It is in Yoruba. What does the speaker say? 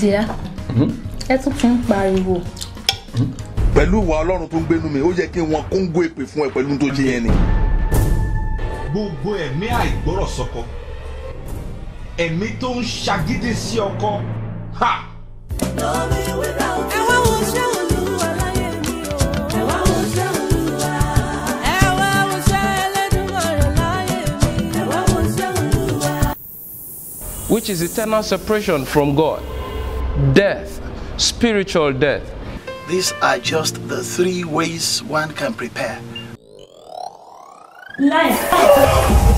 díá mhm. ẹ tún ti ń pariwo. Mhm. pẹ̀lú ìwà ọlọ́run tó ń gbénu mi ó yẹ kí wọn kóńgó èpè fún ẹ pẹ̀lú tó ṣe yẹn ni. gbogbo ẹ̀mí àìgbọ́rọ̀ ẹ̀mí tó ń ṣagídí sí ọkọ which is eternal separation from God. death, spiritual death. These are just the three ways one can prepare. Life.